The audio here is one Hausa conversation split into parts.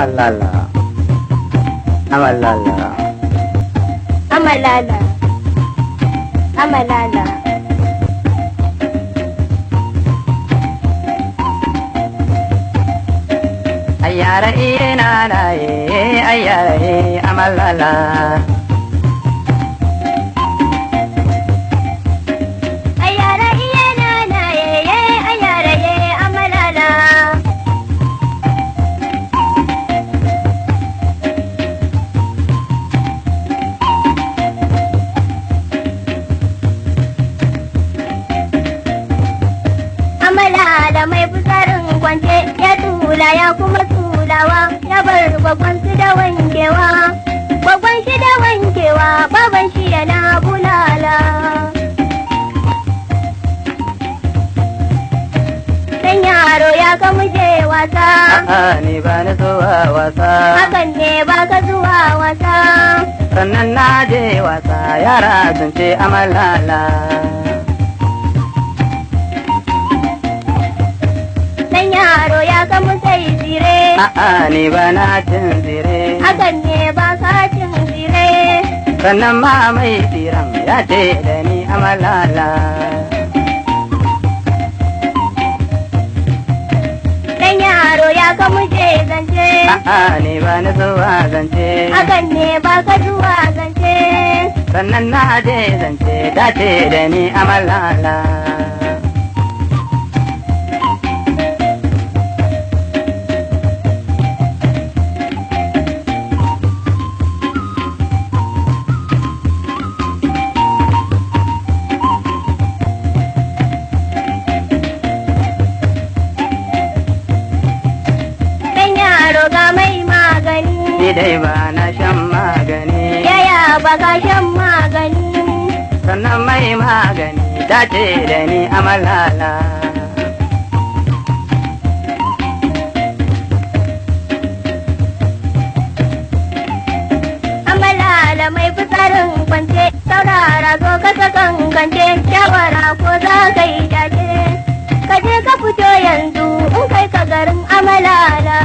Amalala. Amalala. Amalala. Amalala. Ayara e nana e ayara e amalala. matsala da mai fitsarin kwance ya tula ya kuma tulawa ya bar gwagwan su da wankewa gwagwan shi da wankewa baban shi yana bulala dan yaro ya ka muje wasa ni ba na zuwa wasa hakan ne ba ka zuwa wasa sannan na je wasa yara sun ce amalala a'a ne ba na cin zire hakan ne ba sa cin zire sannan ma mai tsiran ya ce da ni malala. dan yaro ya ka muje zance a'a ne ba na zuwa zance hakan ne ba ka zuwa zance sannan na je zance ta ce da ni malala. ni dai ba na shan magani yaya ba ka shan magani sannan mai magani ta ce da ni amalala mai fitsarin kwance saurara zo ka gangance shawara ko za ka yi ka je ka fito yanzu in kai ka garin amalala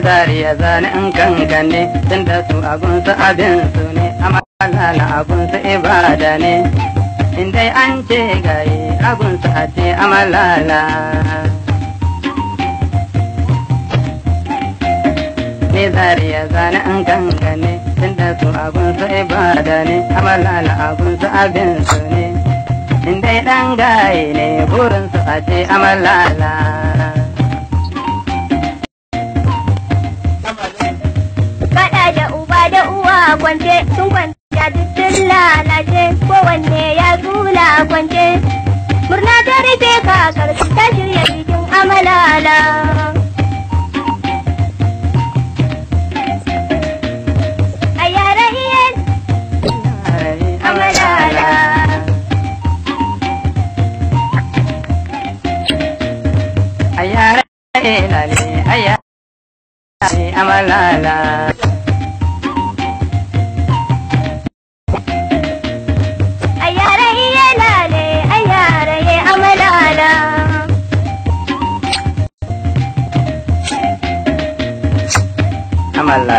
kai zariya zane in kankan ne tun da su su abin su ne amma zana su ibada ne in dai an ce gaye su a ce amalala ne zariya zane in kankan ne tun da su su ibada ne amalala su abin su ne in dai dan gaye ne su a ce amalala a kwance sun kwanta duk lalace kowanne ya zula a kwance murna ta rufe kakar ta shirya bikin amalala Ayara, ayara, ayara, amalala. Amalala.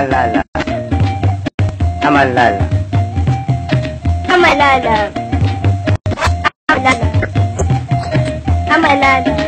Amalala. Amalala. Amalala. Amalala. Amalala.